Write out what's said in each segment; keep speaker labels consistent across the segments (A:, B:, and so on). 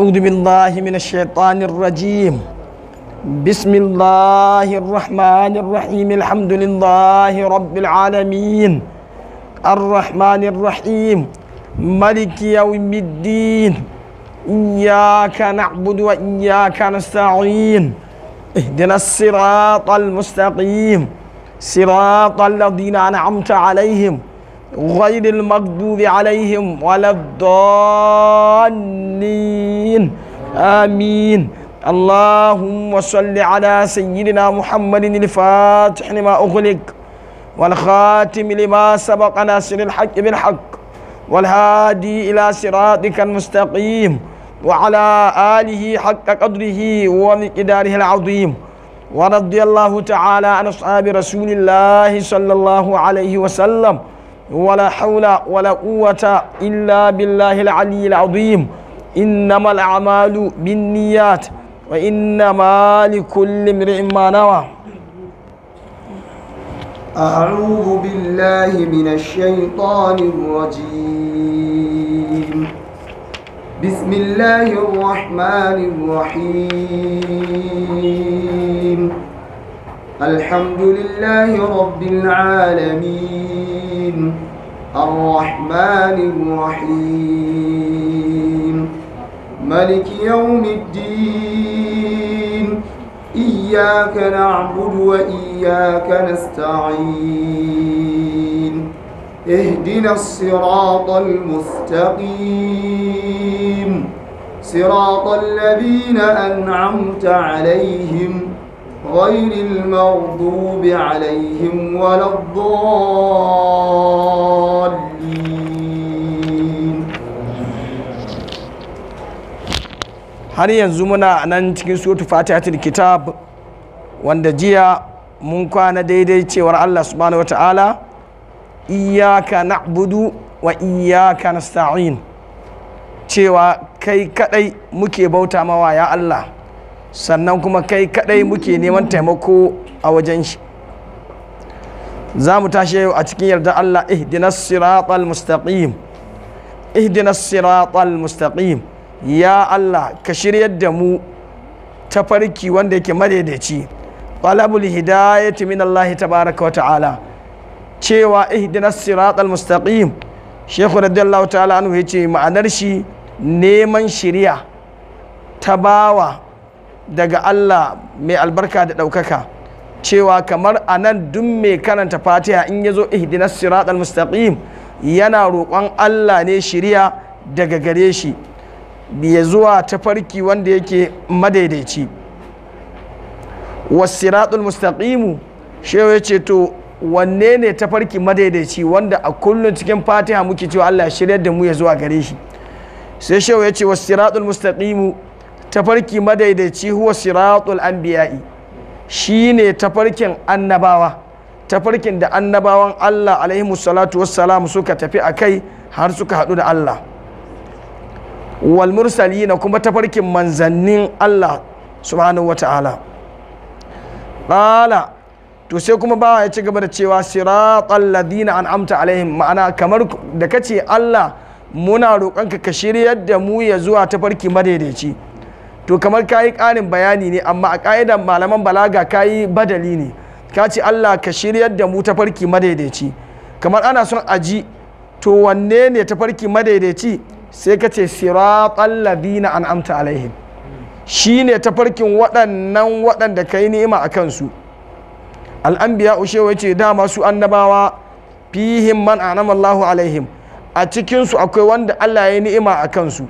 A: أعوذ بالله من الشيطان الرجيم بسم الله الرحمن الرحيم الحمد لله رب العالمين الرحمن الرحيم ملك يوم الدين إياك نعبد وإياك نستعين اهدنا الصراط المستقيم صراط الذين أنعمت عليهم غير المغضوب عليهم ولا الضالين آمين اللهم صل على سيدنا محمد الفاتح لما أغلق والخاتم لما سبق ناصر الحق بالحق والهادي إلى صراطك المستقيم وعلى آله حق قدره ومقداره العظيم ورضي الله تعالى عن أصحاب رسول الله صلى الله عليه وسلم ولا حول ولا قوة إلا بالله العلي العظيم إنما الأعمال بالنيات وإنما لكل امرئ ما نوى أعوذ بالله من الشيطان الرجيم بسم الله الرحمن الرحيم الحمد لله رب العالمين الرحيم الرحمن الرحيم ملك يوم الدين إياك نعبد وإياك نستعين اهدنا الصراط المستقيم صراط الذين أنعمت عليهم غير المغضوب عليهم ولا الضالين har yanzu muna nan cikin suratul fatihatul kitab wanda jiya mun kwana daidai cewar Allah subhanahu wata'ala iyyaka na'budu wa iyyaka nasta'in cewa kai kadai muke bauta mawa ya Allah sannan kuma kai kadai muke neman taimako a wajen shi za mu tashi yau a cikin yarda Allah ihdinas siratal mustaqim ihdinas siratal mustaqim ya Allah ka shiryar da mu tafarki wanda yake madaidaici talabul hidayati min Allah tabaraka wa ta'ala cewa ihdinas siratal mustaqim Sheikh radiyallahu ta'ala anhu yace ma'anar shi neman shiriya ta bawa daga Allah mai albarka da ɗaukaka cewa kamar a nan duk mai karanta fatiha in ya zo ihdinas siratal mustaqim yana roƙon Allah ne shirya daga gare shi ya zuwa ta farki wanda yake madaidaici wasiratul mustaqimu shewa ya ce to wanne ne ta farki madaidaici wanda a kullum cikin fatiha muke cewa Allah shirya da mu ya zuwa gare shi sai shewa ya ce wasiratul mustaqimu tafarki madaidaici huwa siratul anbiya'i shine tafarkin annabawa tafarkin da annabawan Allah alaihi salatu wassalam suka tafi a kai har suka haɗu da Allah wal na kuma tafarkin manzannin Allah subhanahu wa ta'ala to sai kuma ba ya ci gaba da cewa siratal ladina an'amta alaihim ma'ana kamar da kace Allah muna roƙonka ka shiryar da mu ya zuwa tafarki madaidaici to kamar ka yi ƙarin bayani ne amma a ka'idan malaman balaga ka yi badali ne ka ce Allah ka shiryar da mu tafarki madaidaici kamar ana son aji to wanne ne tafarki madaidaici sai ka ce siratal ladina an'amta alaihim shi ne tafarkin waɗannan waɗanda ka yi ni'ima a kansu al'ambiya ushewa ce dama su annabawa fihim man anamallahu alaihim a cikinsu akwai wanda Allah ya yi ni'ima a kansu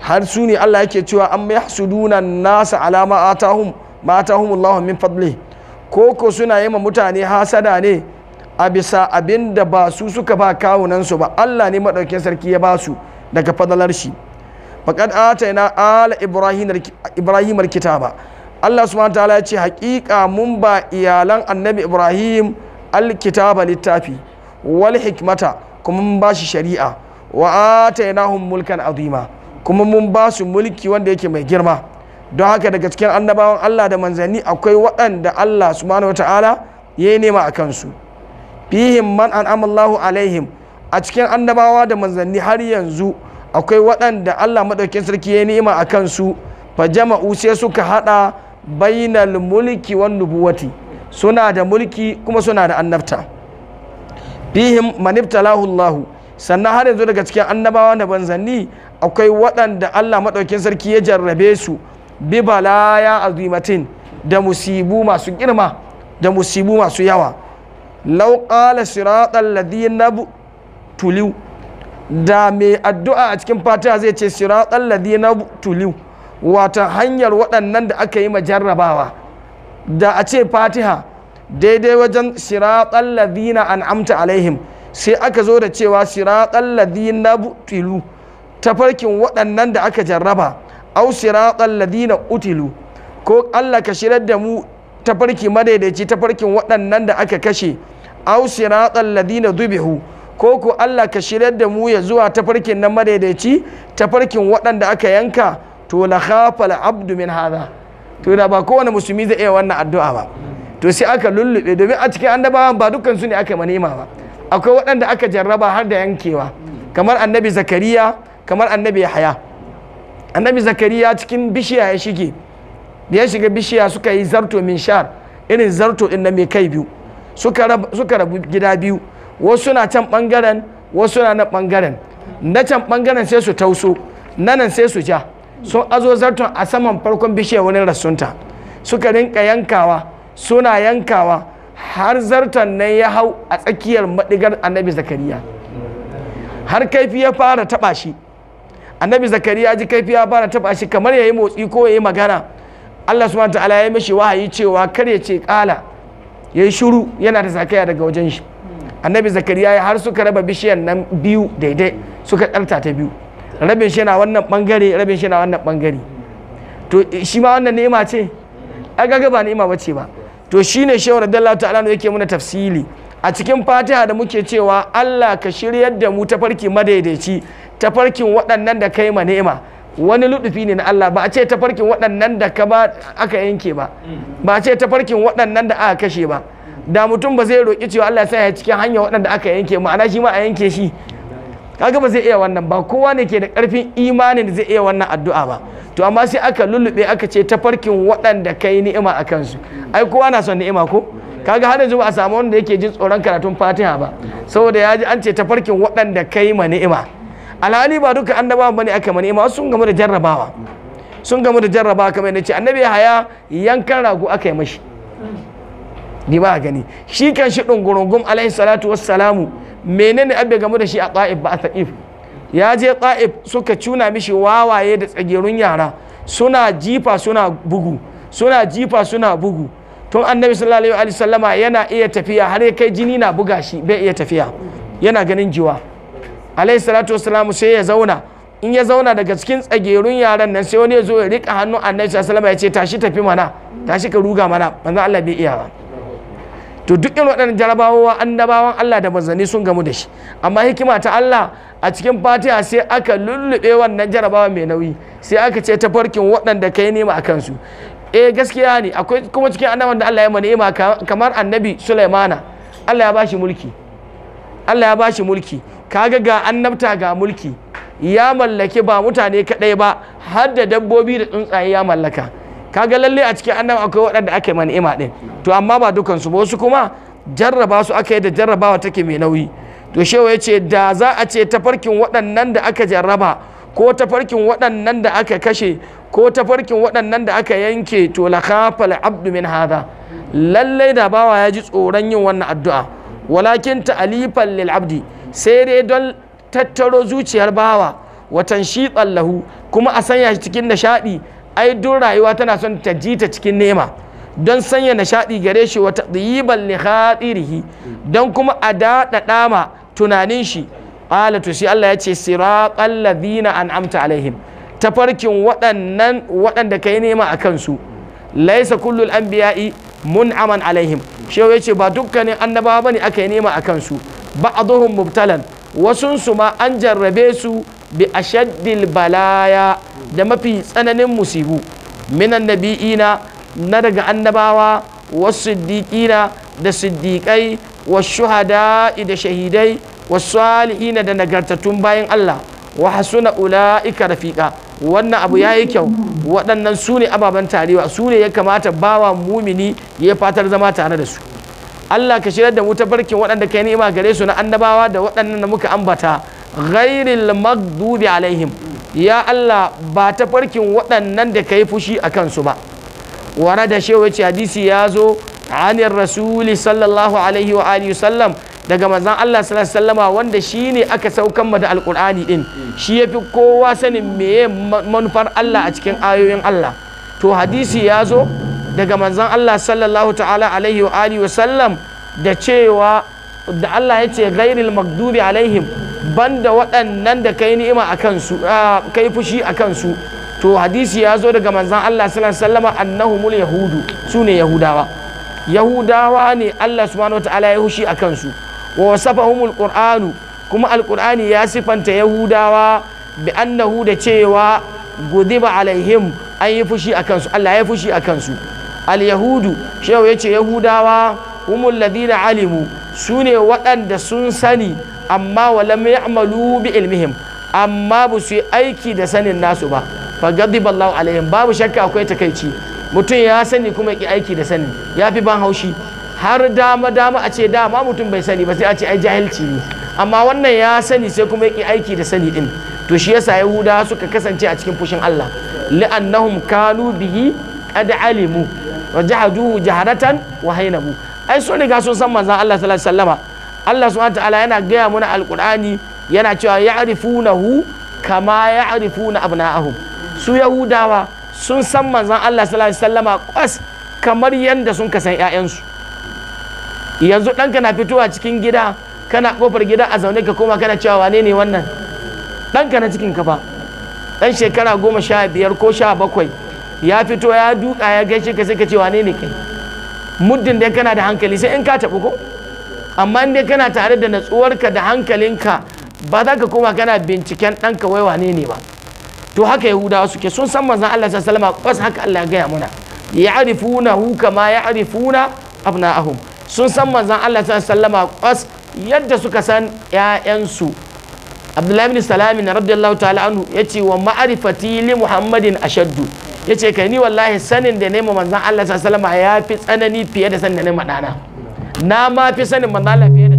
A: har su ne Allah yake cewa an yahsuduna nasa alama atahum matahum Allah min fadli koko suna yi mutane hasada ne a bisa abin da ba su suka ba kawunan su ba Allah ne madaukakin sarki ya ba su daga fadalar shi faqad atayna ala ibrahim ibrahim alkitaba Allah subhanahu ta'ala ya ce haƙiƙa mun ba iyalan annabi ibrahim alkitaba littafi wal hikmata kuma mun ba shi shari'a wa atainahum mulkan azima kuma mun ba su mulki wanda yake mai girma don haka daga cikin annabawan Allah da manzanni akwai waɗanda Allah subhanahu wata'ala ya yi nema a kansu fihim man an amallahu alaihim a cikin annabawa da manzanni har yanzu akwai waɗanda Allah maɗaukin sarki ya yi nema a kansu fa jama'u sai suka haɗa bainal mulki wan nubuwati suna da mulki kuma suna da annabta fihim ibtalahu Allahu sannan har yanzu daga cikin annabawa da banzanni akwai waɗanda Allah maɗaukin sarki ya jarrabe su bi balaya azimatin da musibu masu girma da musibu masu yawa law qala siratal ladina tuliu da mai addu'a a cikin fatiha zai ce siratal ladina tuliu wata hanyar waɗannan da aka yi majarrabawa da a ce fatiha daidai wajen siratal ladina an'amta alaihim sai aka zo da cewa siratal ladina ta farkin waɗannan da aka jarraba au siratal ladina utilu ko Allah ka shirar da mu tafarki madaidaici farkin waɗannan da aka kashe au siratal ladina dubihu ko ku Allah ka shirar da mu ya zuwa tafarkin nan madaidaici farkin waɗanda aka yanka to la khafa abdu min hadha to da ba kowane musulmi zai iya wannan addu'a ba to sai aka lullube domin a cikin annabawan ba dukkan su ne aka manema ba akwai waɗanda aka jarraba har da yankewa kamar annabi zakariya kamar annabi yahaya annabi zakariya cikin bishiya ya shige da ya shiga bishiya suka yi zarto min shar irin zarto din na mai kai biyu suka rabu gida biyu wasu na can bangaren wasu na na bangaren na can bangaren sai su tauso nanan sai su ja sun azo zarton a saman farkon bishiyar wani rasunta suka rinka yankawa suna yankawa har zartan nan ya hau a tsakiyar madigar annabi zakariya har kaifi ya fara taba shi annabi zakariya ji kaifi ya fara taba shi kamar ya yi motsi ko ya yi magana allah subhanahu ta'ala ya mishi wahayi cewa kar ya ce kala ya yi shuru yana da zakaya daga wajen shi annabi zakariya ya har suka raba bishiyar nan biyu daidai suka karta ta biyu rabin shi na wannan bangare rabin shi na wannan bangare to shi ma wannan ni'ima ce ga gaga ba ni'ima bace ba to shine shehu radiyallahu ta'ala yake muna tafsili a cikin fatiha da muke cewa Allah ka shiryar da mu tafarki madaidaici tafarkin waɗannan da kai ma ni'ima wani ludufi ne na Allah ba a ce tafarkin waɗannan da ka ba aka yanke ba ba a ce tafarkin waɗannan da aka kashe ba da mutum ba zai roƙi cewa Allah ya sa ya cikin hanya waɗanda aka yanke ma'ana shi ma
B: a yanke shi kaga ba zai iya wannan ba kowa ne ke da karfin imanin zai iya wannan addu'a ba to amma sai aka lullube aka ce tafarkin waɗanda kai ni'ima a kansu ai kowa na son ni'ima ko kaga har yanzu ba a samu wanda yake jin tsoron karatun fatiha ba saboda ya ji an ce tafarkin waɗanda kai ma ni'ima alhali ba duka ba ne aka ma ni'ima sun gamu da jarrabawa
A: sun gamu da jarrabawa kamar yadda ce annabi haya yankan rago aka yi mashi ni ba gani shi kan shi ɗungurungun alaihi salatu wassalamu menene abin gamu da shi a ta'if ba a ta'if ya je ta'if suka cuna mishi wawaye da tsagerun yara suna jifa suna bugu suna jifa suna bugu tun
B: annabi sallallahu alaihi wasallama yana iya tafiya har ya kai jini na buga shi bai iya tafiya yana ganin jiwa alaihi salatu wasalamu sai ya zauna in ya zauna daga cikin tsagerun yaran nan sai wani ya zo ya rika hannu annabi sallallahu alaihi wasallama ya ce tashi tafi mana tashi ka ruga mana manzo Allah bai iya ba to duk irin waɗannan jarabawa annabawan Allah da manzanni sun gamu da shi amma hikima ta Allah a cikin fatiha sai aka lullube wannan jarabawa mai nauyi sai aka ce ta farkin waɗanda ka yi nema a kansu eh gaskiya ne akwai kuma cikin annaban da Allah ya manema kamar annabi Sulaimana Allah ya bashi mulki Allah ya bashi mulki kaga ga annabta ga mulki ya mallaki ba mutane kaɗai ba har da dabbobi da tsuntsaye ya mallaka kaga lalle a cikin annabi akwai waɗanda aka yi man'ima ɗin to amma ba dukansu ba wasu kuma jarraba su aka yi da jarrabawa take mai nauyi to shewa ya ce da za a ce tafarkin waɗannan da aka jarraba ko tafarkin waɗannan da aka kashe ko tafarkin waɗannan da aka yanke to la khafal abdu min hadha lalle da bawa ya ji tsoron yin wannan addu'a walakin ta'alifan lil abdi sai dai don tattaro zuciyar bawa watan shi lahu kuma a sanya shi cikin nishaɗi ai duk rayuwa tana son ta ji ta cikin nema don sanya nishaɗi gare shi wata ɗiban li don kuma a daɗaɗa ma tunanin shi alatu sai Allah ya ce siraƙan ladina an'amta alaihim tafarkin waɗannan waɗanda ka yi nema a kansu laisa kullul anbiya'i mun'aman alaihim shehu ya ce ba dukkanin annabawa bane aka yi nema a kansu ba'aduhum mubtalan wasunsu ma an jarrabe su bi ashaddil balaya da mafi tsananin musibu minan nabi'ina na daga annabawa wasu siddiqina da siddiqai wa shuhada'i da shahidai wa salihina da nagartattun bayan Allah wa hasuna ula'ika rafiqa wannan abu yayi kyau waɗannan su ne ababen tarewa su ne ya kamata bawa mumini ya fatar zama tare da su Allah ka shirar da mu ta barkin waɗanda ka yi ni'ima gare su na annabawa da waɗannan da muka ambata ghairil maghdubi alaihim ya Allah ba ta farkin waɗannan da kai fushi a kansu ba wara da shewa ce hadisi ya zo anir rasuli sallallahu alaihi wa alihi sallam daga manzon Allah sallallahu alaihi wasallama wanda shine aka saukan mu da alqur'ani din shi yafi kowa sanin meye manufar Allah a cikin ayoyin Allah to hadisi ya zo daga manzon Allah sallallahu ta'ala alaihi wa alihi sallam da cewa da Allah ya ce ghairil maghdubi alaihim banda waɗannan da kai ni'ima a kansu kai fushi a kansu to hadisi ya zo daga manzan Allah sallallahu alaihi wasallam annahumul yahudu sune yahudawa yahudawa ne Allah subhanahu wataala ya hushi a kansu wa wasafahumul qur'anu kuma alqur'ani ya sifanta yahudawa bi annahu da cewa gudiba alaihim an yi fushi a kansu Allah ya fushi a kansu al-yahudu shehu yace yahudawa humul ladina alimu sune waɗanda sun sani amma walam ya'malu bi ilmihim amma ba su yi aiki da sanin nasu ba fa ghadiballahu alaihim babu shakka akwai takaici mutum ya sani kuma ki aiki da sanin ya fi ban haushi har dama dama a ce dama mutum bai sani ba sai a ce ai jahilci ne amma wannan ya sani sai kuma ki aiki da sani din to shi yasa yahuda suka kasance a cikin fushin Allah li'annahum kanu bihi qad alimu wa jahaduhu jaharatan wa hainamu ai sun riga sun san manzon Allah sallallahu alaihi Allah subhanahu ta'ala yana gaya mana alqur'ani yana cewa ya'rifunahu kama ya'rifuna abna'ahum su yahudawa sun san manzon Allah sallallahu alaihi wasallama kwas kamar yanda sun kasan ƴaƴansu yanzu ɗanka na fitowa cikin gida kana kofar gida a zaune ka koma kana cewa wane ne wannan ɗanka na cikin ka fa ɗan shekara goma sha biyar ko sha bakwai ya fito ya duka ya gaishe ka sai ka ce wane ne kai muddin da kana da hankali sai in ka taɓu ko amma dai kana tare da natsuwarka da hankalinka ba za ka koma kana binciken ɗanka wai wane ne ba to haka yahudawa suke sun san manzon Allah sallallahu alaihi wasallam haka Allah ya gaya mana ya'rifuna hu kama ya'rifuna abna'ahum sun san manzon Allah sallallahu alaihi wasallam yadda suka san ƴaƴansu Abdullahi bin Salami na radiyallahu ta'ala anhu yace wa ma'rifati li Muhammadin ashaddu yace kai ni wallahi sanin da nema manzon Allah sallallahu alaihi wasallam ya fi tsanani fiye da sanin da nema dana na ma fi sanin manzan Allah fiye da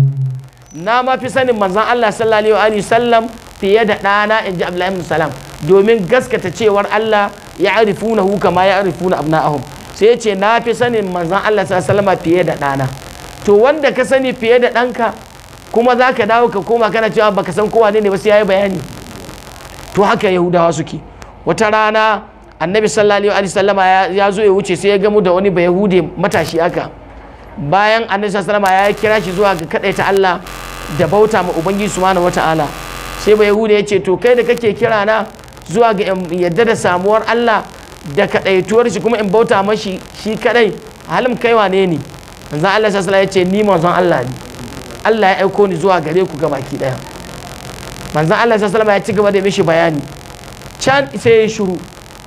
B: na ma fi sanin manzan Allah sallallahu alaihi sallam fiye da ɗana in ji Abdullahi ibn Salam domin gaskata cewar Allah ya arifuna hu kama ya arifuna abna'ahum sai ya ce na fi sanin manzan Allah sallallahu alaihi fiye da ɗana to wanda ka sani fiye da ɗanka kuma za ka dawo ka koma kana cewa baka san kowa ne ne ba sai yayi bayani to haka yahudawa suke wata rana annabi sallallahu alaihi wasallama ya zo ya wuce sai ya gamu da wani bayahude matashi aka bayan annabi sallallahu alaihi ya kira shi zuwa ga kadaita Allah da bauta ma ubangiji subhanahu wataala sai ba yahuda ya ce to kai da kake kira na zuwa ga yadda da samuwar Allah da kadaituwar shi kuma in bauta mashi shi kadai halin kai wane ne manzo Allah sallallahu alaihi ya ce ni manzon Allah ne Allah ya aiko ni zuwa gare ku gabaki daya manzo Allah sallallahu alaihi ya ci gaba da mishi bayani can sai ya shiru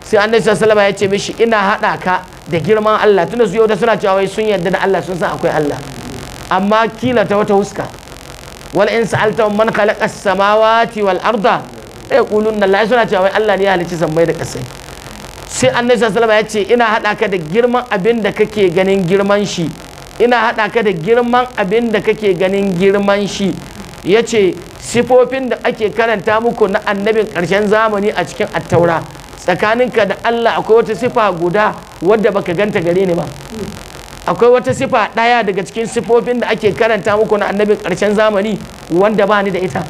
B: sai annabi sallallahu alaihi ya ce mishi ina hada ka da girman Allah tunda su yau da suna cewa sun yarda da Allah sun san akwai Allah amma kila ta wata huska wal in sa'alta man khalaqa as-samawati wal arda ay qulun la suna cewa wai Allah ne ya halicci sammai da kasai sai annabi sallallahu alaihi wasallam ya ce ina hada ka da girman abin da kake ganin girman shi ina hada ka da girman abin da kake ganin girman shi yace sifofin da ake karanta muku na annabin ƙarshen zamani a cikin attaura tsakaninka da Allah akwai wata sifa guda wadda baka ganta gare ni ba akwai wata sifa ɗaya daga cikin sifofin da ake karanta muku na annabin karshen zamani wanda ba ni da ita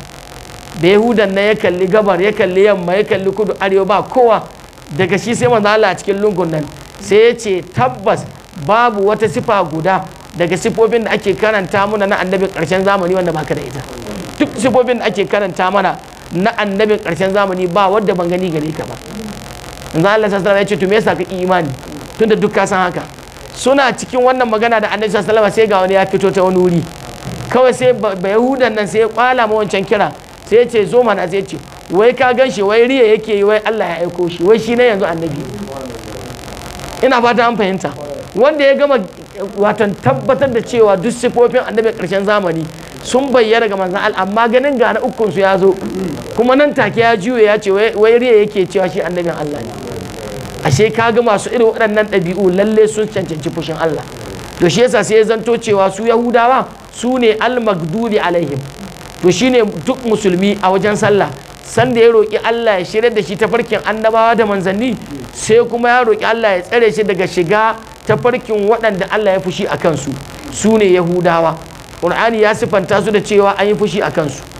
B: da yahudan na ya kalli gabar ya kalli yamma ya kalli kudu arewa ba kowa daga shi sai manzo Allah a cikin lungun nan sai ya ce tabbas babu wata sifa guda daga sifofin da ake karanta muna na annabin karshen zamani wanda baka da ita duk sifofin da ake karanta mana na annabin karshen zamani ba wadda ban gani gare ka ba manzo Allah sallallahu ya ce to me yasa ka imani tunda duk ka san haka suna cikin wannan magana da annabi sallallahu alaihi sai ga wani ya fito ta wani wuri kawai sai yahudan nan sai ya kwala ma wancan kira sai ya ce zo mana sai ya ce wai ka gan wai riya yake yi wai Allah ya aiko shi wai shi ne yanzu annabi ina fata an fahimta wanda ya gama watan tabbatar da cewa duk sifofin annabi karshen zamani sun bayyana ga manzon Allah amma ganin ga na ukun su ya zo kuma nan take ya juye ya ce wai riya yake cewa shi annabin Allah ne ashe ka kaga masu irin waɗannan ɗabi'u lalle sun cancanci fushin Allah to shi yasa sai ya zanto cewa su yahudawa su ne al almagdubi alaihim to shine duk musulmi a wajen sallah sanda ya roki Allah ya shirya da shi tafarkin annabawa da manzanni sai kuma ya roki Allah ya tsare shi daga shiga tafarkin waɗanda Allah ya fushi a kansu su ne yahudawa ƙur'ani ya sifanta su da cewa an yi fushi a kansu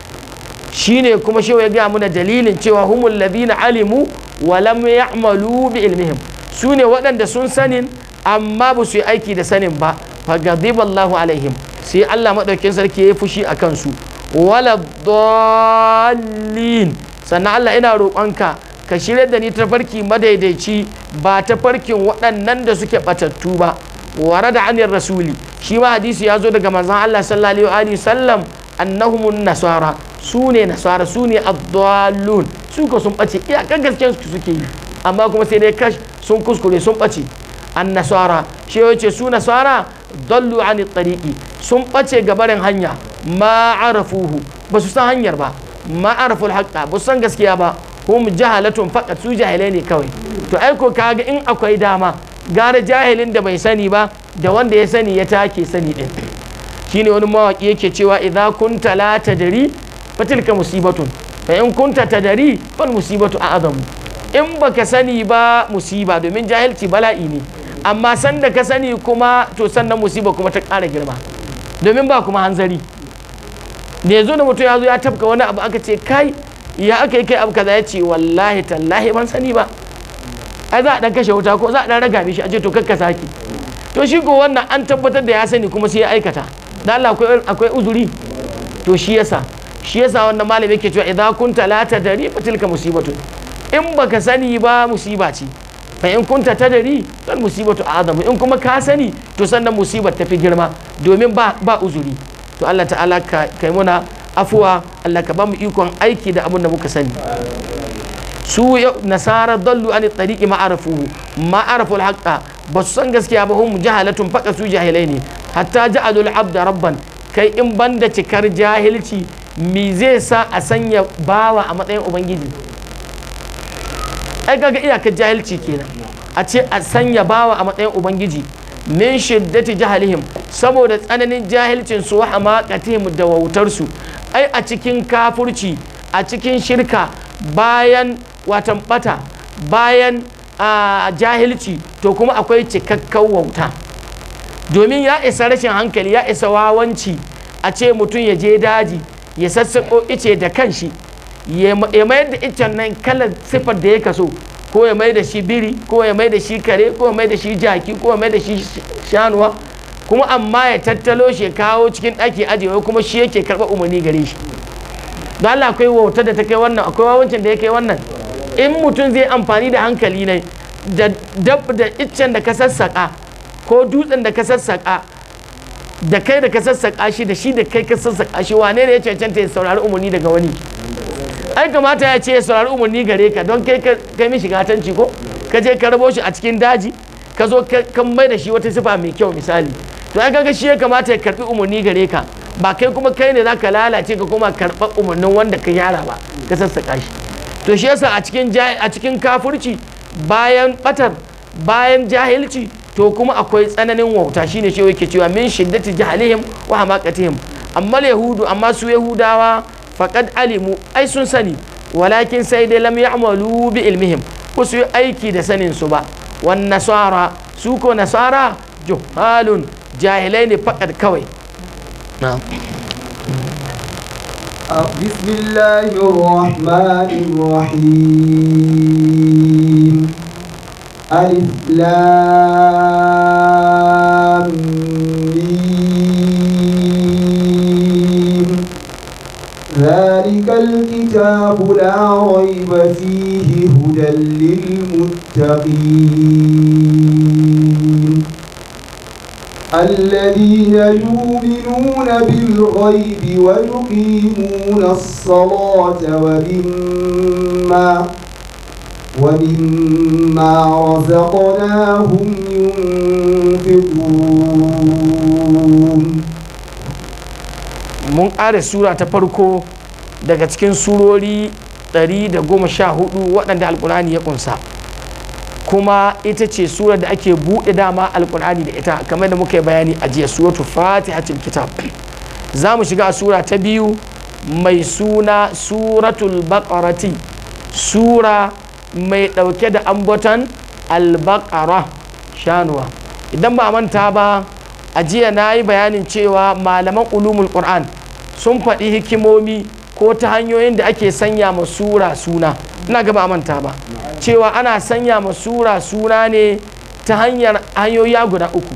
B: shine kuma shi ya gaya mana dalilin cewa humul ladina alimu wa lam ya'malu bi ilmihim su ne waɗanda sun sanin amma ba su yi aiki da sanin ba fa ghadiballahu alaihim sai Allah madaukin sarki ya yi fushi a kansu wala dallin sannan Allah ina roƙonka ka shirya da ni ta farki madaidaici ba ta farkin waɗannan da suke batattu ba ware da anir rasuli shi ma hadisi ya zo daga manzon Allah sallallahu alaihi wa sallam annahumun nasara su ne nasara su ne abdullun su sun ɓace iyakar gaskiyar su suke yi amma kuma sai dai kash sun kuskure sun bace an nasara shi ya ce su nasara dallu an tariqi sun ɓace gabarin hanya ma'arafuhu ba su san hanyar ba ma'araful haqqa ba su san gaskiya ba hum jahalatun faqat su jahilai ne kawai to ai ko kaga in akwai dama gara jahilin da bai sani ba da wanda ya sani ya take sani din shine wani mawaki yake cewa idza kunta la tadri fatilka musibatun fa in kunta tadari fal musibatu a'zamu in baka sani ba musiba domin jahilci bala'i ne amma sanda ka sani kuma to sannan musiba kuma ta ƙara girma domin ba kuma hanzari da zo da mutum ya zo ya tafka wani abu aka ce kai ya aka yi kai abu kaza ya ce wallahi tallahi ban sani ba ai za a dan kashe wuta ko za a dan raga mishi a ce to kakka saki to shi ko wannan an tabbatar da ya sani kuma sai ya aikata da Allah akwai uzuri to shi yasa shi yasa wannan malami yake cewa idan kunta la tadri fa tilka musibatu in baka sani ba musiba ce fa in kunta tadri fal musibatu a'zamu in kuma ka sani to sannan musibar tafi girma domin ba ba uzuri to Allah ta'ala ka kai muna afuwa Allah ka ba mu ikon aiki da abin da muka sani su nasara dallu an tariqi ma'arafu ma'araful haqqa ba su san gaskiya ba hum jahalatun faqa su jahilai ne hatta ja'alul abda rabban kai in banda cikar jahilci me zai sa a sanya bawa a matsayin ubangiji ai kaga iyakar jahilci kenan a ce a sanya bawa a matsayin ubangiji min shiddati jahalihim saboda tsananin jahilcin su wa hamaqatihim da wautar su ai a cikin kafurci a cikin shirka bayan watan bata bayan a jahilci to kuma akwai cikakken wauta domin ya isa rashin hankali ya isa wawanci a ce mutum ya je daji ya sassaƙo ice da kanshi ya mayar da icen nan kalar siffar da ya kaso ko ya mai da shi biri ko ya mai da shi kare ko ya mai da shi jaki ko ya mai da shi shanuwa kuma amma ya tattalo shi kawo cikin ɗaki ajiyewa kuma shi yake karɓar umarni gare shi don Allah akwai wauta da ta kai wannan akwai wawancin da ya kai wannan in mutum zai amfani da hankali ne da dab da iccen da ka sassaƙa ko dutsen da ka sassaƙa da kai da ka sassaƙa shi da shi da kai ka sassaƙa shi wane ne ya cancanta ya saurari umarni daga wani ai kamata ya ce ya saurari umarni gare ka don kai kai mishi gatanci ko ka je ka rabo shi a cikin daji ka zo ka mai da shi wata sifa mai kyau misali to ai kaga shi ya kamata ya karbi umarni gare ka ba kai kuma kai ne zaka lalace ka koma karɓar umarnin wanda ka yara ba ka sassaƙa shi to shi yasa a cikin a cikin kafurci bayan batar bayan jahilci to kuma akwai tsananin wauta shine shi yake cewa min shiddati jahalihim wa hamaqatihim amma yahudu amma su yahudawa faqad alimu ai sun sani walakin sai dai lam ya'malu bi ilmihim ko su yi aiki da sanin su ba wan nasara su ko nasara juhalun jahilai ne faqad kawai na'am بسم
A: الله الرحمن الرحيم ألف لام ذلك الكتاب لا ريب فيه هدى للمتقين الذين يؤمنون بالغيب ويقيمون الصلاة ومما ومما
B: رزقناهم ينفقون mun ƙara sura ta farko daga cikin surori 114 waɗanda alƙulani ya ƙunsa kuma ita ce surar da ake buɗe dama alƙulani da ita kamar da muka yi bayani a jiya suratu fatihatul kitab za mu shiga a sura ta biyu mai suna suratul baqarati sura mai ɗauke da ambaton albakara shanuwa idan ba manta ba a jiya na yi bayanin cewa malaman ulumul qur'an sun faɗi hikimomi ko ta hanyoyin da ake sanya ma sura suna ina gaba manta ba cewa ana sanya ma sura suna ne ta hanyar hanyoyi guda uku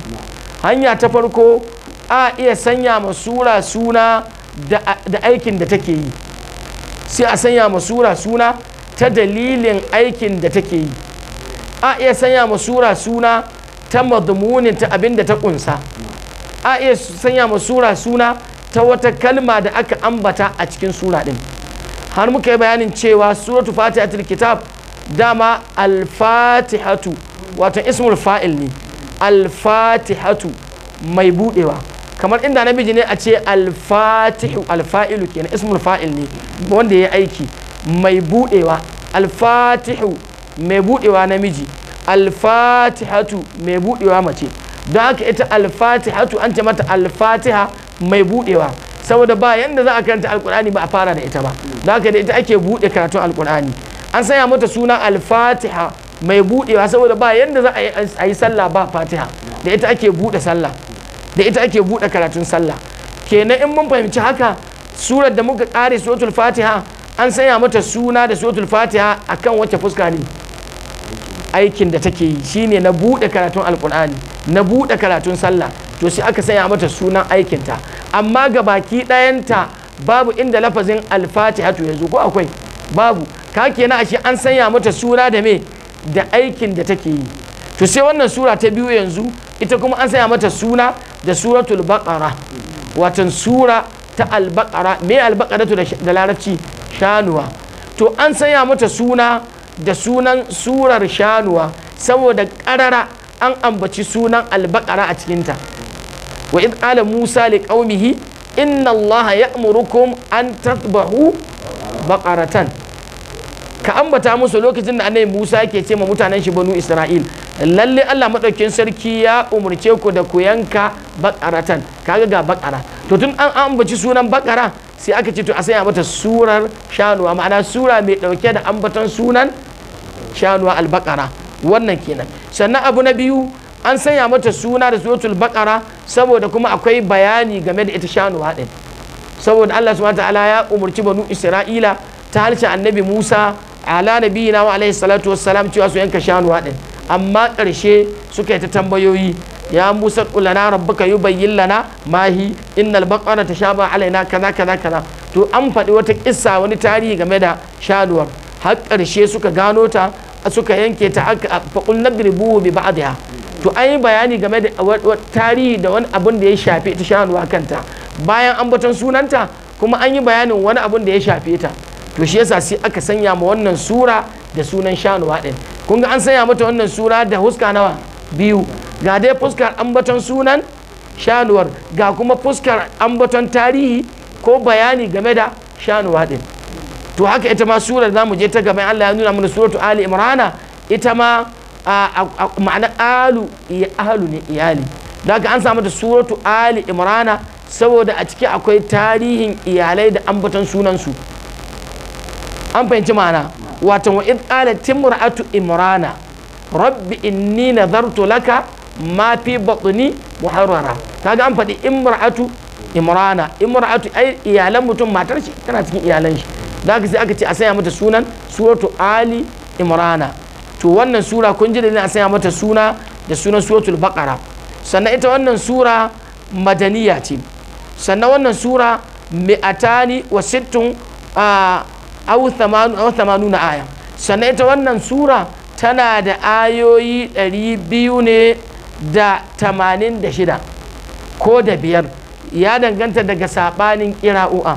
B: hanya ta farko a iya sanya ma sura suna da aikin da take yi sai a sanya ma sura suna ta dalilin aikin da take yi a iya sanya ma sura suna ta mazmunin ta abin da ta kunsa a iya sanya ma sura suna ta wata kalma da aka ambata a cikin sura din har muka yi bayanin cewa suratu fatihatul kitab dama al-fatihatu wato ismul fa'il ne al-fatihatu mai budewa kamar inda namiji ne a ce al-fatihu al-fa'ilu kenan ismul fa'il ne wanda ya aiki mai budewa alfatihu mai budewa namiji alfatihatu mai buɗewa mace don haka ita alfatihatu an ce mata alfatiha mai buɗewa. saboda ba yanda za a karanta alkur'ani ba a fara da ita ba don haka da ita ake buɗe karatun alkur'ani an sanya mata suna alfatiha mai buɗewa saboda ba yanda za a yi sallah ba fatiha da ita ake buɗe sallah da ita ake bude karatun sallah kenan in mun fahimci haka surar da muka kare suratul fatiha an sanya mata suna da suratul fatiha akan wacce fuska ne aikin da take yi shine na buɗe karatun alkur'ani na buɗe karatun sallah to sai aka sanya mata sunan aikinta amma ga baki ɗayanta babu inda lafazin alfatiha to yanzu ko akwai babu ka kenan ashe an sanya mata sura da me da aikin da take yi to sai wannan sura ta biyu yanzu ita kuma an sanya mata suna da suratul baqara watan sura ta albaqara me albaqara da larabci shanuwa to an sanya mata suna da sunan surar shanuwa saboda karara an ambaci sunan albakara a cikinta wa in ala musa li qaumihi inna allaha ya'murukum an tatbahu baqaratan ka ambata musu lokacin da annabi Musa yake ce ma mutanen shi banu Isra'il lalle Allah madaukin sarki ya umurce ku da ku yanka bakaratan kaga ga bakara to tun an ambaci sunan bakara sai aka ce to a saya mata surar shanuwa ma'ana sura mai dauke da ambaton sunan shanuwa albakara wannan kenan sannan abu na biyu an sanya mata suna da suratul bakara saboda kuma akwai bayani game da ita shanuwa din saboda Allah subhanahu ta'ala ya umurci banu Isra'ila ta halce annabi Musa ala nabiyina wa alayhi salatu wassalam cewa su yanka shanuwa din amma ƙarshe suka yi ta tambayoyi ya musa kulana rabbuka yubayyin lana mahi innal baqara tashaba alaina kaza kaza kaza to an faɗi wata kissa wani tarihi game da shaduwar har ƙarshe suka gano ta suka yanke ta faqul nadribu bi ba'daha to an yi bayani game da tarihi da wani abun da ya shafe ta shanuwa kanta bayan an ambaton sunanta kuma an yi bayanin wani abun da ya shafe ta to shi yasa sai aka sanya ma wannan sura da sunan shanuwa din kun ga an sanya mata wannan sura da huska nawa biyu ga dai fuskar ambaton sunan shanuwar ga kuma fuskar ambaton tarihi ko bayani game da shanuwa din to haka ita ma surar namu je ta gaban Allah ya nuna mana suratu Ali Imrana ita ma ma'ana alu ahalu ne iyali da haka an samu da suratu Ali Imrana saboda a ciki akwai tarihin iyalai da ambaton sunansu an fahimci ma'ana watan wa id qalat imrana rabbi inni nadartu laka ma fi batni muharrara kaga an faɗi imra'atu imrana imra'atu ai iyalan mutum matar shi tana cikin iyalan shi da sai aka ce a saya mata sunan suratu ali imrana to wannan sura kun ji da a saya mata suna da sunan suratul baqara sannan ita wannan sura madaniya ce sannan wannan sura mi'atani wa sittun aw na aya sannan ita wannan sura tana da ayoyi ɗari ne da tamanin ko da biyar ya danganta daga saɓanin ƙira'u'a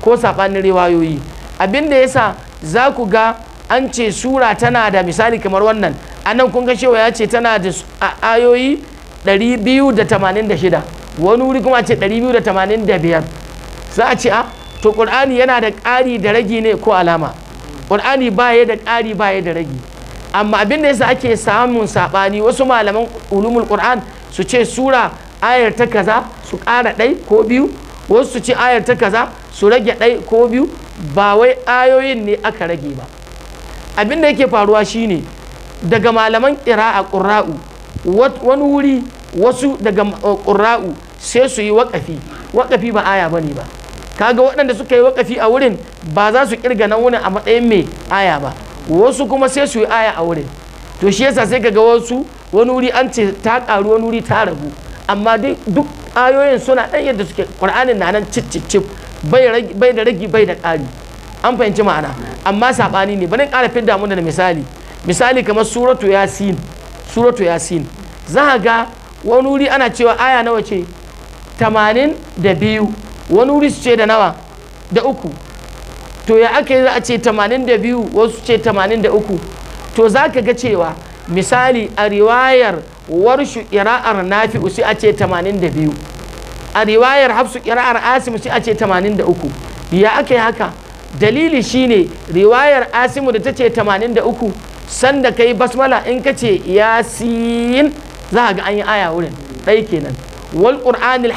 B: ko saɓanin riwayoyi abinda ya sa za ku ga an ce sura tana da misali kamar wannan anan nan kun ga cewa ya ce tana da ayoyi 286 wani wuri kuma ce 285 za a ce a to ƙur'ani yana da ƙari da ragi ne ko alama ƙur'ani baya da ƙari baya da ragi amma abin da yasa ake samun sabani wasu malaman ulumul qur'an su ce sura ayar ta kaza su ƙara ɗai ko biyu wasu su ce ayar ta kaza su rage ɗai ko biyu ba wai ayoyin ne aka rage ba abin da yake faruwa shine daga malaman ƙira'a qurra'u wani wuri wasu daga ƙura'u eh, sai su yi waƙafi waƙafi ba aya bane ba kaga waɗanda suka yi waƙafi a wurin ba za su ƙirga nan wani a matsayin mai aya ba wasu kuma sai su yi aya a wurin to shi yasa sai kaga wasu wani wuri an ce ta karu wani wuri ta ragu amma duk ayoyin suna ɗan yadda suke ƙur'anin na nan cicicif bai da ragi bai da ƙari an fahimci ma'ana amma saɓani ne bari ƙara fidda mu da misali misali kamar suratu yasin suratu yasin za ga wani wuri ana cewa aya nawa ce tamanin da biyu wani wuri su ce da nawa da uku to ya ake za a ce 82 wasu ce 83 to za ka ga cewa misali a riwayar warshu ƙira'ar nafi'u usi a ce 82 a riwayar hafsu ƙira'ar asimu sai a ce 83 ya ake haka dalili shine riwayar asimu da ta ce 83 sanda yi basmala in ka ce yasin za ga an yi aya wurin ɗai kenan wal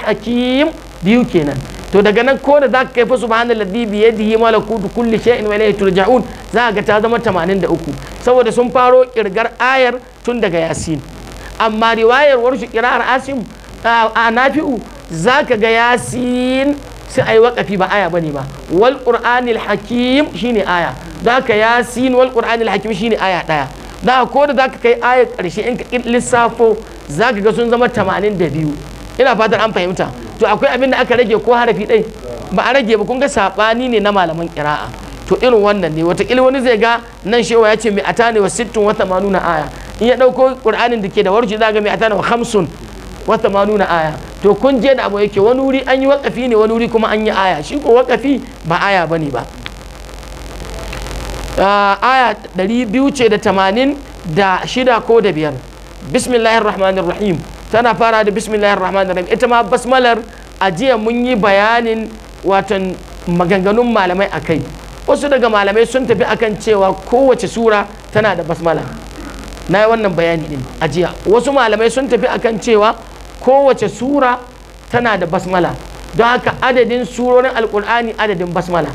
B: hakim biyu kenan to daga nan ko da zaka kai fa subhanallazi bi yadihi malakutu kulli shay'in wa ilayhi turja'un za ga ta zama 83 saboda sun faro kirgar ayar tun daga yasin amma riwayar warshu kirar asim a nafi'u zaka ga yasin sai ai waqafi ba aya bane ba wal qur'anil hakim shine aya zaka yasin wal qur'anil hakim shine aya daya da ko da zaka kai ayar karshe in ka lissafo zaka ga sun zama 82 ina fatan an fahimta to akwai abin da aka rage ko harafi dai ba a rage ba kun ga sabani ne na malaman kiraa to irin wannan ne watakila wani zai ga nan shewa ya ce mai atane wa sittun wa tamanuna aya in ya dauko qur'anin da ke da warji za ga mai atane wa hamsin wa tamanuna aya to kun je da abu yake wani wuri an yi waƙafi ne wani wuri kuma an yi aya shi ko wakafi ba aya bane ba ah, aya ɗari biyu ce da tamanin da shida ko da biyar bismillahir rahmanir rahim tana fara da bismillahir rahmanir rahim ita ma basmalar ajiya mun yi bayanin watan maganganun malamai akai kai wasu daga malamai sun tafi akan cewa kowace sura tana da basmala na yi wannan bayani din ajiya wasu malamai sun tafi akan cewa kowace sura tana da basmala don haka adadin surorin alkur'ani adadin basmala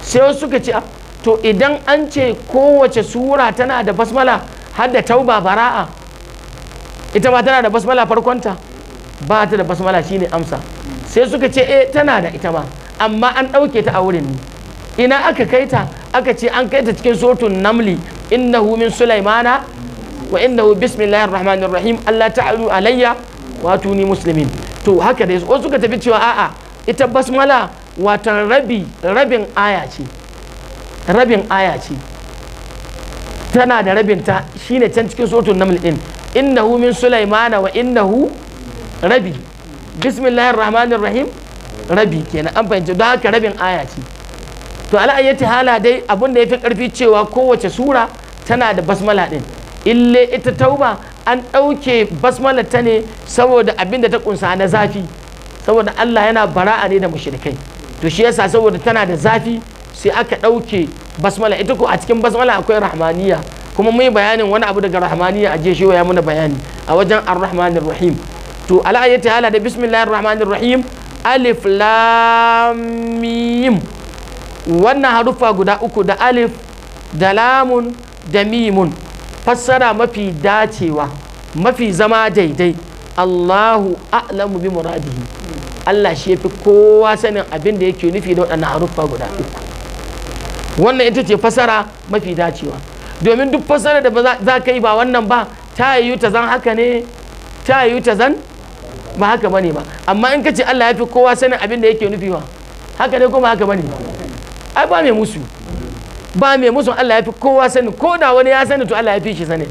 B: sai wasu suka ce ah, to idan an ce kowace sura tana da basmala har da tauba bara'a ita ma tana da basmala farkonta ba ta da basmala shine amsa sai suka ce eh tana da ita ma amma an ɗauke ta a wurin ni ina aka kai ta aka ce an kai ta cikin sotun namli innahu min sulaimana wa innahu bismillahir rahmanir rahim Allah ta'alu alayya wa tuni muslimin to haka dai wasu suka tafi cewa a'a ita basmala wato rabi rabin aya ce rabin aya ce tana da rabin ta shine can cikin sotun namli din hu min sulaimana wa innahu rabi bismillahir rahmanir rahim rabi kenan an fahimci don haka rabin aya ce to ala ayyati hala dai abin da yafi karfi cewa kowace sura tana da basmala din ille ita tauba an ɗauke basmala ta ne saboda abin da ta kunsa na zafi saboda Allah yana bara'a ne da mushrikai to shi yasa saboda tana da zafi sai aka ɗauke basmala ita ko a cikin basmala akwai rahmaniya kuma mun yi bayanin wani abu daga rahmaniya a wa ya muna bayani a wajen ar-rahmanir rahim to al'ayyati hala da bismillahir rahmanir rahim alif lam mim wannan haruffa guda uku da alif da lamun da mimun fassara mafi dacewa mafi zama daidai Allahu a'lamu bi muradihi Allah shi yafi kowa sanin abin da yake nufi da waɗannan harufa guda uku wannan ita ce fassara mafi dacewa domin duk fasara da za ka yi ba wannan ba ta yiwu ta zan haka ne ta yiwu ta zan ba haka bane ba amma in ka ce Allah ya fi kowa sanin abin da yake nufi ba haka ne kuma haka bane ai ba mai musu ba mai musu Allah ya fi kowa sanin ko da wani ya sani to Allah ya fi shi sanin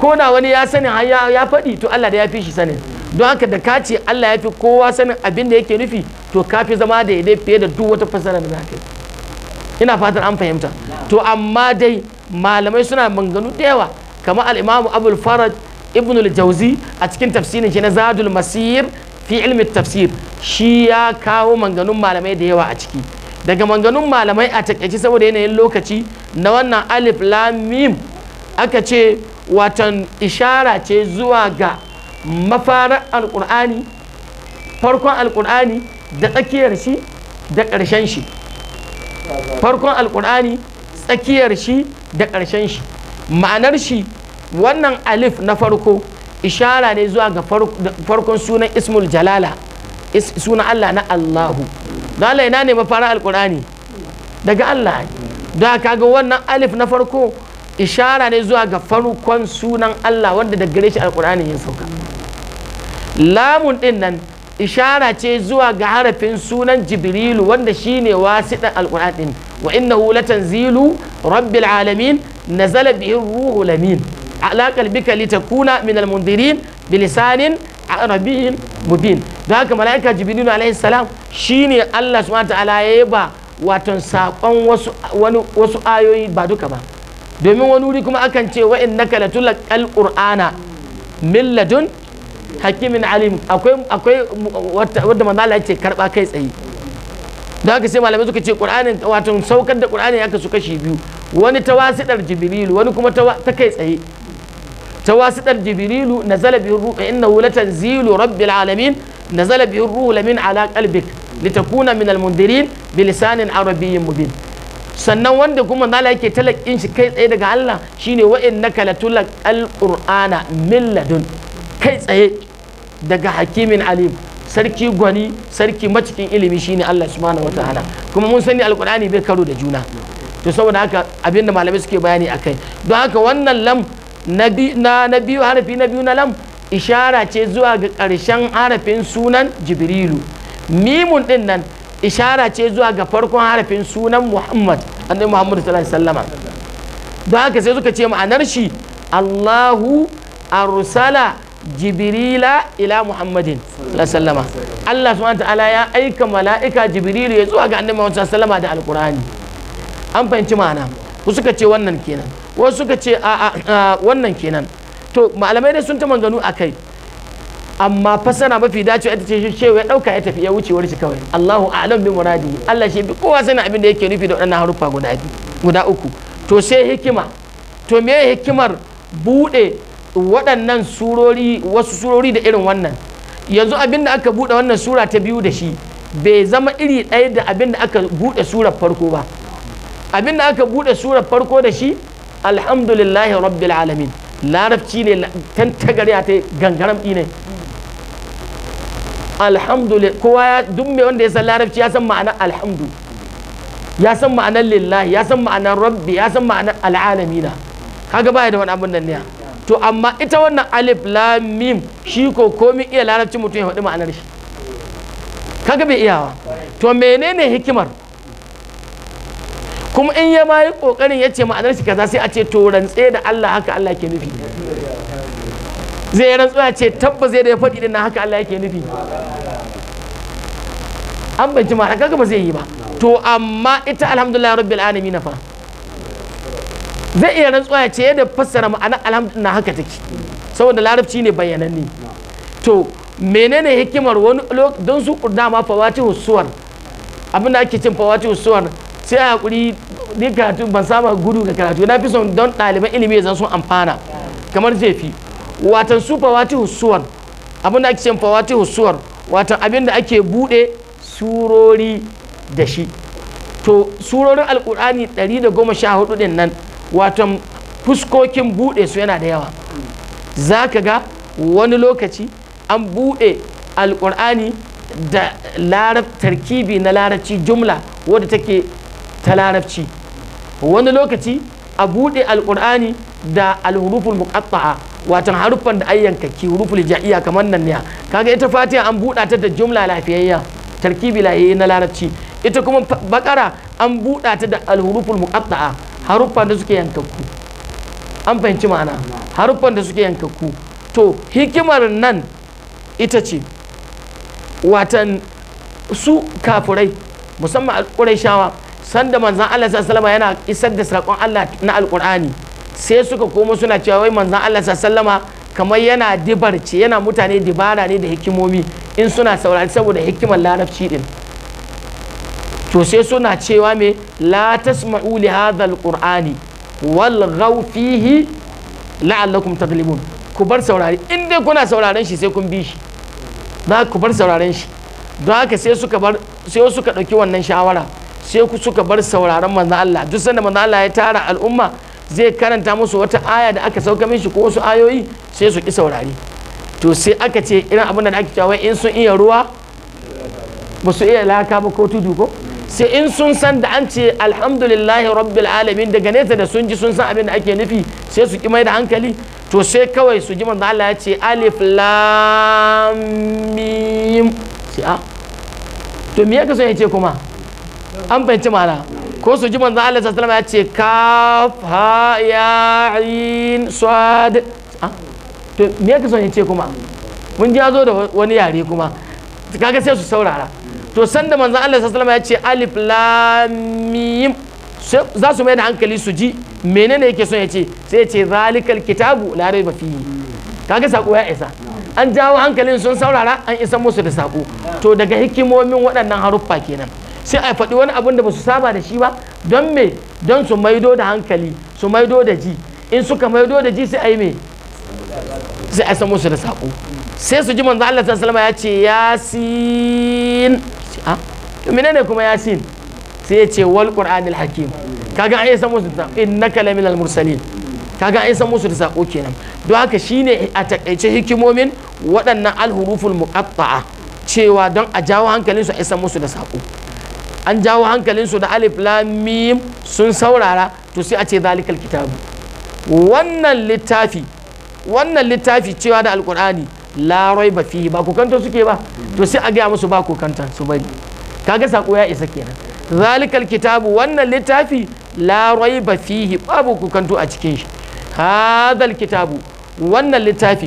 B: ko da wani ya sani har ya faɗi to Allah da ya fi shi sanin don haka da ka ce Allah ya fi kowa sanin abin da yake nufi to ka fi zama da daidai fiye da duk wata fasara da za ka yi ina fatan an fahimta to amma dai malamai suna manganu da yawa kamar al-imamu abul faraj ibn al a cikin tafsirin shi na zadul masir fi ilmi tafsir shi ya kawo manganun malamai da yawa a ciki daga manganun malamai a takaici saboda yanayin lokaci na wannan alif lam mim aka ce watan ishara ce zuwa ga mafarar alkur'ani farkon alkur'ani da tsakiyar shi da ƙarshen shi farkon alkur'ani tsakiyar shi da ƙarshen shi ma'anar shi wannan alif na farko ishara ne zuwa ga farkon sunan ismul jalala sunan Allah na Allahu dole ina ne mafara alƙur'ani daga Allah da kaga wannan alif na farko ishara ne zuwa ga farkon sunan Allah wanda da gare shi alƙur'ani ya sauka lamun din nan ishara ce zuwa ga harafin sunan jibrilu wanda shine wasiɗan alƙur'an ɗin wa innahu latanzilu rabbil alamin nazala bihi ruhul lamin ala qalbika litakuna min almundirin bilisanin arabiyyin mubin da haka malaika jibrilu alaihi salam shine Allah subhanahu ta'ala ya yaba waton sakon wasu ayoyi ba duka ba domin wani wuri kuma akan ce wa innaka latulqal qur'ana min ladun hakimin alim akwai akwai wanda manzo Allah ya ce karba kai tsaye da haka sai malamai suka ce qur'anin wato saukar da qur'ani aka su kashi biyu wani tawasidar jibrilu wani kuma ta kai tsaye تواسط الجبريل نزل به الروح إنه لتنزيل رب العالمين نزل به الروح لمن على قلبك لتكون من المنذرين بلسان عربي مبين sannan wanda kuma Allah yake talakin shi kai tsaye daga Allah shine wa'annaka latulak alqur'ana min ladun kai tsaye daga hakimin alim sarki gwani sarki macikin ilimi shine Allah subhanahu wataala kuma mun sani alkur'ani bai karo da juna to saboda haka abinda malamai suke bayani akai don haka wannan lam na na biyu harafi na na lam ishara ce zuwa ga ƙarshen harafin sunan jibrilu mimun din nan ishara ce zuwa ga farkon harafin sunan muhammad annabi muhammad sallallahu alaihi wasallama don haka sai suka ce ma'anar shi allahu arsala jibrila ila muhammadin sallama Allah subhanahu ta'ala ya aika mala'ika jibrilu ya zuwa ga annabi Muhammad sallama da alqur'ani an fahimci ma'ana ku suka ce wannan kenan wasu suka ce a wannan kenan to malamai dai sun ta manganu akai amma fasara mafi dacewa ita ce shehu ya dauka ya tafi ya wuce wurin shi kawai Allahu a'lam bi muradi Allah shi bi kowa sanin abin da yake nufi da wannan haruffa guda guda uku to sai hikima to me hikimar bude waɗannan surori wasu surori da irin wannan yanzu abin da aka buɗe wannan sura ta biyu da shi bai zama iri ɗaya da abin da aka buɗe surar farko ba abin da aka buɗe surar farko da shi alhamdulillahi rabbil alamin larabci ne tantagare ta gangaram ne alhamdulillah kowa ya duk mai wanda ya san larabci ya san ma'anar alhamdu ya san ma'anar lillahi ya san ma'anar rabbi ya san ma'anar al'alamina kaga baya da wani abin nan ne to amma ita wannan alif lam mim shi ko komai iya larabci mutum ya faɗi ma'anar shi kaga bai iyawa to menene hikimar kuma in ya ma yi kokarin ya ce ma'anar shi kaza sai a ce to rantse da Allah haka Allah ke nufi zai ya ce tabbas zai da ya faɗi din haka Allah yake nufi an bai ma kaga ba zai yi ba to amma ita alhamdulillah rabbil alamin fa zai iya rantsuwa ya ce yadda fassara ma'ana alhamdu na haka take saboda larabci ne bayyananne to menene hikimar wani don su dama fawati husuwar abin da ake cin fawati husuwar sai a hakuri ni karatu ban saba gudu ga karatu na fi son don ɗaliban ilimi zan sun amfana kamar jefi watan su fawati husuwar abin da ake cin fawati husuwar watan abin ake buɗe surori da shi to surorin alkur'ani 114 din nan wato fuskokin buɗe su yana da yawa za ka ga wani lokaci an buɗe alƙur'ani da larab tarkibi na larabci jumla wadda take ta larabci wani lokaci a buɗe alƙur'ani da alhuruful muqatta'a watan haruffan da ki huruful ja'iya kamar nan ne kaga ita fatiha an buɗa ta da jumla lafiyayya tarkibi lafiyayya na larabci ita kuma bakara an buɗa ta da alhuruful muqatta'a haruffan da suke yankakku an fahimci ma'ana haruffan da suke yankakku to hikimar nan ita ce watan su kafurai musamman alƙurai shawa sanda manzan Allah sallama yana isar da saƙon Allah na al'kur'ani sai suka komo suna cewa wai manzan Allah sallama kamar yana dibarci yana mutane dibara ne da hikimomi in suna saurari saboda hikimar larabci din to sai suna cewa me la tasma'u li hadha alqur'ani wal fihi la'allakum taghlibun ku bar saurare in dai kuna sauraren shi sai kun bi shi na ku bar sauraren shi don haka sai suka bar wannan shawara sai ku suka bar sauraren manzon Allah duk sanda manzon Allah ya tara al'umma zai karanta musu wata aya da aka sauka mishi ko wasu ayoyi sai su ki saurare to sai aka ce irin abin da ake cewa in sun iya ruwa ba su iya laka ba ko tudu ko sai in sun san da an ce alhamdulillahi rabbil alamin daga nesa da sun ji sun san abin da ake nufi sai su ki mai da hankali to sai kawai su ji manzo Allah ya ce alif lam mim sai a ah. to me yake so ya ce kuma an fahimci mana ko su ji manzo Allah sallallahu alaihi wasallam ya ce kaf ha ya ayin sad ah. to me yake so ya ce kuma mun ji ya zo da wani yare kuma kaga sai su saurara to sanda manzon Allah sallallahu alaihi wasallam ya ce alif lam za su mai da hankali su ji menene yake son ya ce sai ya ce zalikal kitabu la raiba fi kaga sako ya isa an jawo hankalin sun saurara an isa musu da sako to daga hikimomin waɗannan haruffa kenan sai a faɗi wani abun da ba su saba da shi ba don me don su maido da hankali su maido da ji in suka maido da ji sai a yi me sai a isa musu da sako sai su ji manzo Allah sallallahu alaihi wasallam ya ce yasin a ah, to menene kuma yasin sai ya ce wal qur'anil hakim kaga an isa musu da innaka laminal mursalin kaga an isa musu da sako kenan don haka shine a takaice hikimomin waɗannan alhuruful muqatta'a cewa don a jawo hankalin su a isa musu da sako an jawo hankalin su da alif lam mim sun saurara to sai a ce zalikal kitabu wannan littafi wannan littafi cewa da alqur'ani larai ba fi ba kokanto suke ba to sai a gaya musu ba kokanta su bari kaga sako ya isa kenan zalikal kitabu wannan littafi larai ba fihi babu kokanto a cikin shi hadal kitabu wannan littafi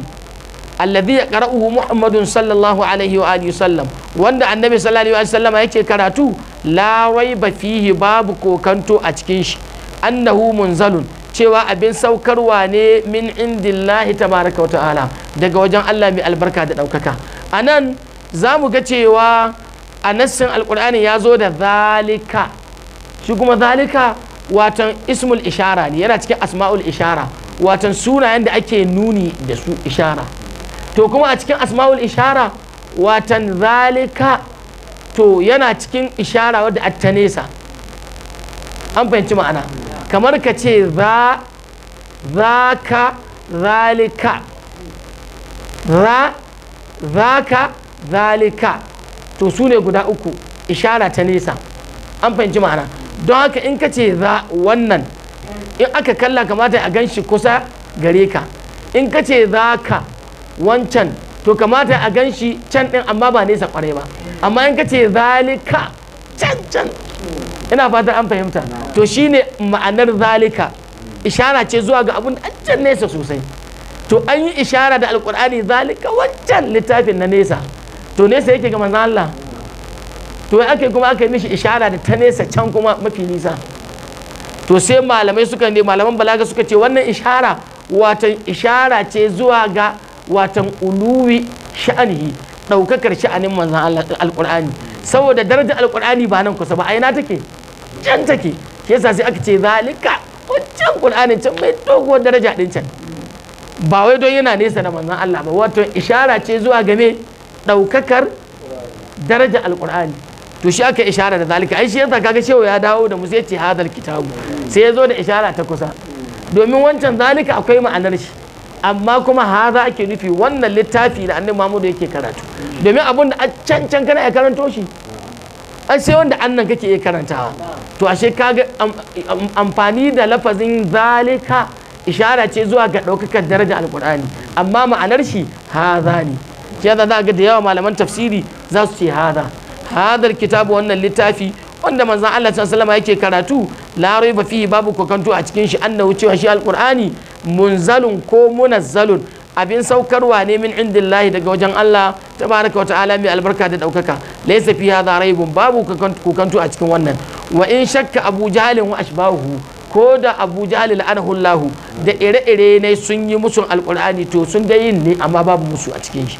B: alladhi yaqra'uhu muhammadun sallallahu alaihi wa alihi sallam wanda annabi sallallahu alaihi wa sallama yake karatu la ba fihi babu kokanto a cikin shi annahu munzalun cewa abin saukarwa ne min indillahi tabaraka wa ta'ala daga wajen Allah mai albarka da ɗaukaka a nan za mu ga cewa a nassin alƙur'ani ya zo da zalika shi kuma zalika watan ismul ishara ne yana cikin asma'ul ishara watan sunayen da ake nuni da su ishara to kuma a cikin asma'ul ishara watan zalika to yana cikin ishara wadda atta nesa an fahimci ma'ana kamar ka ce za za ka zalika za za ka zalika to su ne guda uku ishara ta nesa an fahimci ma'ana don haka in ka ce za wannan in aka kalla kamata a gan shi kusa gare ka in ka ce za ka wancan to kamata a gan shi can ɗin amma ba nesa kwarai ba amma in ka ce zalika can can ina fatan an fahimta to shine ma'anar zalika ishara ce zuwa ga abun can nesa sosai to an yi ishara da alkur'ani zalika wancan littafin na nesa to nesa yake ga manzon Allah to ake kuma aka yi mishi ishara da ta nesa can kuma mafi nisa to sai malamai suka ne malaman balaga suka ce wannan ishara watan ishara ce zuwa ga watan uluwi sha'anihi ɗaukakar sha'anin manzan alƙur'ani saboda darajar alƙur'ani ba nan kusa ba aina take can take shi sai aka ce zalika wancan ƙur'anin can mai doguwar daraja ɗin can ba wai don yana nesa da manzan Allah ba wato ishara ce zuwa game ɗaukakar darajar alƙur'ani to shi aka ishara da zalika ai shi yasa kaga shehu ya dawo da musu yace hadal kitabu sai ya zo da ishara ta kusa domin wancan zalika akwai ma'anar shi amma kuma haza ake nufi wannan littafi da annabi Muhammadu yake karatu domin abin da can can kana ya karanto shi an sai wanda annan kake iya karantawa to ashe kaga amfani da lafazin zalika ishara ce zuwa ga ɗaukakar daraja alkur'ani amma ma'anar shi haza ne shi za za ga da yawa malaman tafsiri za su ce haza hadar kitabu wannan littafi wanda manzon Allah sallallahu alaihi yake karatu Larai raiba babu kokanto a cikin shi annahu cewa shi alqur'ani munzalun ko munazzalun abin saukarwa ne min indillahi daga wajen Allah tabaraka wa ta'ala mai albarka da daukaka laysa fi hadha raibun babu kokanto a cikin wannan wa in shakka abu jahalin wa ashbahu ko da abu jahalin da ire-ire ne sun yi musu alqur'ani to sun da yin ne amma babu musu a cikin shi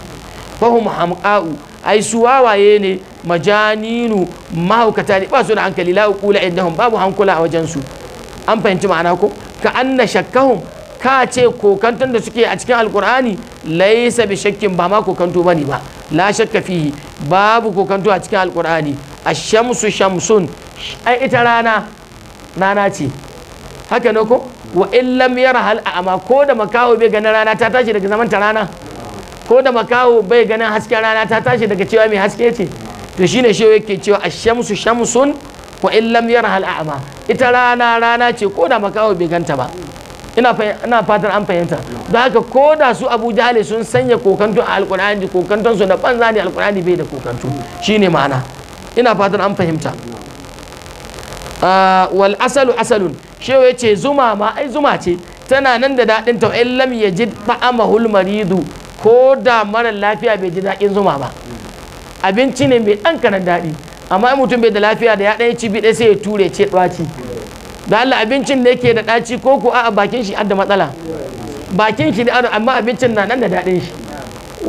B: fahum hamqa'u ai su wawaye ne majaninu mahaukata ne ba su da hankali la uqula indahum babu hankula a wajen su an fahimci ma'ana ko ka anna shakkahum ka ce kokanton da suke a cikin alkur'ani laisa bi shakkin ba ma kokanto bane ba la shakka fihi babu kokanto a cikin alkur'ani shamsu shamsun ai ita rana rana ce haka ne ko wa in lam yara hal ko da makaho bai ganin rana ta tashi daga zaman ta rana ko da makaho bai ganin hasken rana ta tashi daga cewa mai haske ce to shine shi yake cewa ashamsu shamsun wa in lam yarha al-a'ma ita rana rana ce ko da makawo bai ganta ba ina fatar an fahimta da haka ko da su abu jahali sun sanya kokanto a alkur'ani kokanton su da banza ne alkur'ani bai da kokanto shine ma'ana ina fatar an fahimta ah, wal asalu asalun shi ya ce zuma ma ai zuma ce tana nan da daɗin ta in lam yajid ta'amahul maridu ko da mara lafiya bai ji daɗin zuma ba abinci ne mai ɗan kanan daɗi amma in mutum bai da lafiya da ya ɗan ci ɗaya sai ya ture ce ɗaci da Allah abincin da yake da ɗaci ko ko a bakin shi da matsala bakin shi da amma abincin na nan da daɗin shi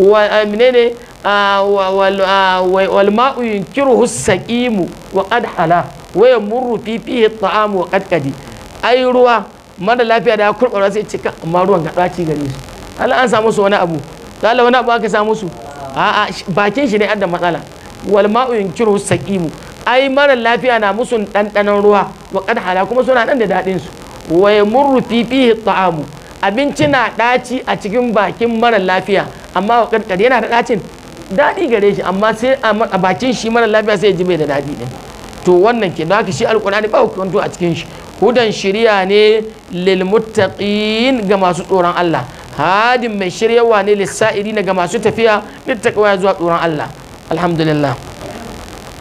B: wa menene wal ma'u yunkiruhu saqimu wa qad hala wa yamurru fi fihi at'am wa qad kadi ai ruwa mara lafiya da ya kurɓa sai cika amma ruwan ga ɗaci gare shi Allah an samu su wani abu Allah wani abu aka samu su a'a bakin shi ne adda da matsala wal ma'u yunkiru saqimu ai mara lafiya na musun ɗanɗanon ruwa wa kad hala kuma suna nan da dadin su wa yamurru fi fihi ta'amu abinci na ɗaci a cikin bakin mara lafiya amma wa kad yana da ɗacin daɗi gare shi amma sai a bakin shi mara lafiya sai ya ji bai da dadi to wannan ke da shi alqur'ani ba hukunto a cikin shi hudan shiriya ne lil muttaqin ga masu tsoron Allah hadin mai shiryawa ne lissa'iri ga masu tafiya ta takawa zuwa tsoron Allah alhamdulillah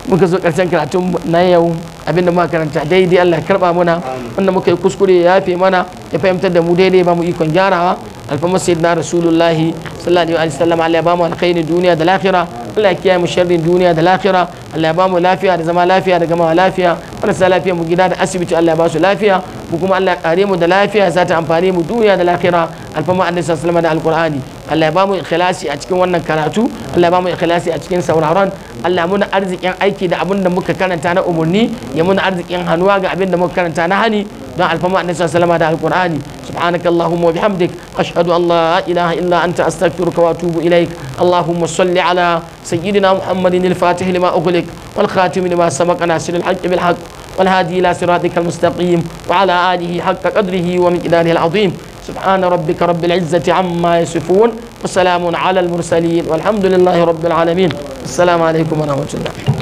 B: muka zo karshen karatun na yau abinda muka karanta daidai Allah ya karba muna wanda muka yi kuskure ya yafe mana ya fahimtar da mu daidai ba mu ikon gyarawa alfamar sayyidina rasulullahi sallallahu alaihi wasallam Allah ya ba mu alkhairi duniya da lafira. Allah ya kiyaye mu sharrin duniya da lafiya Allah ya ba mu lafiya da zama lafiya da gama lafiya marasa lafiya mu gida da asibiti Allah ya ba su lafiya mu kuma Allah ya kare mu da lafiya za ta amfane mu duniya da lahira alfama annabi sallallahu alaihi da alqur'ani Allah ya ba mu ikhlasi a cikin wannan karatu Allah ya ba mu ikhlasi a cikin sauraron Allah muna arzikin aiki da abin da muka karanta na umurni ya muna arzikin hannuwa ga abin da muka karanta na hani دعا الفمان نسأل سلام هذا القرآن سبحانك اللهم وبحمدك أشهد أن لا إله إلا أنت أستغفرك وأتوب إليك اللهم صل على سيدنا محمد الفاتح لما أغلق والخاتم لما سبق ناصر الحق بالحق والهادي إلى صراطك المستقيم وعلى آله حق قدره ومن إداره العظيم سبحان ربك رب العزة عما يصفون وسلام على المرسلين والحمد لله رب العالمين السلام عليكم ورحمة الله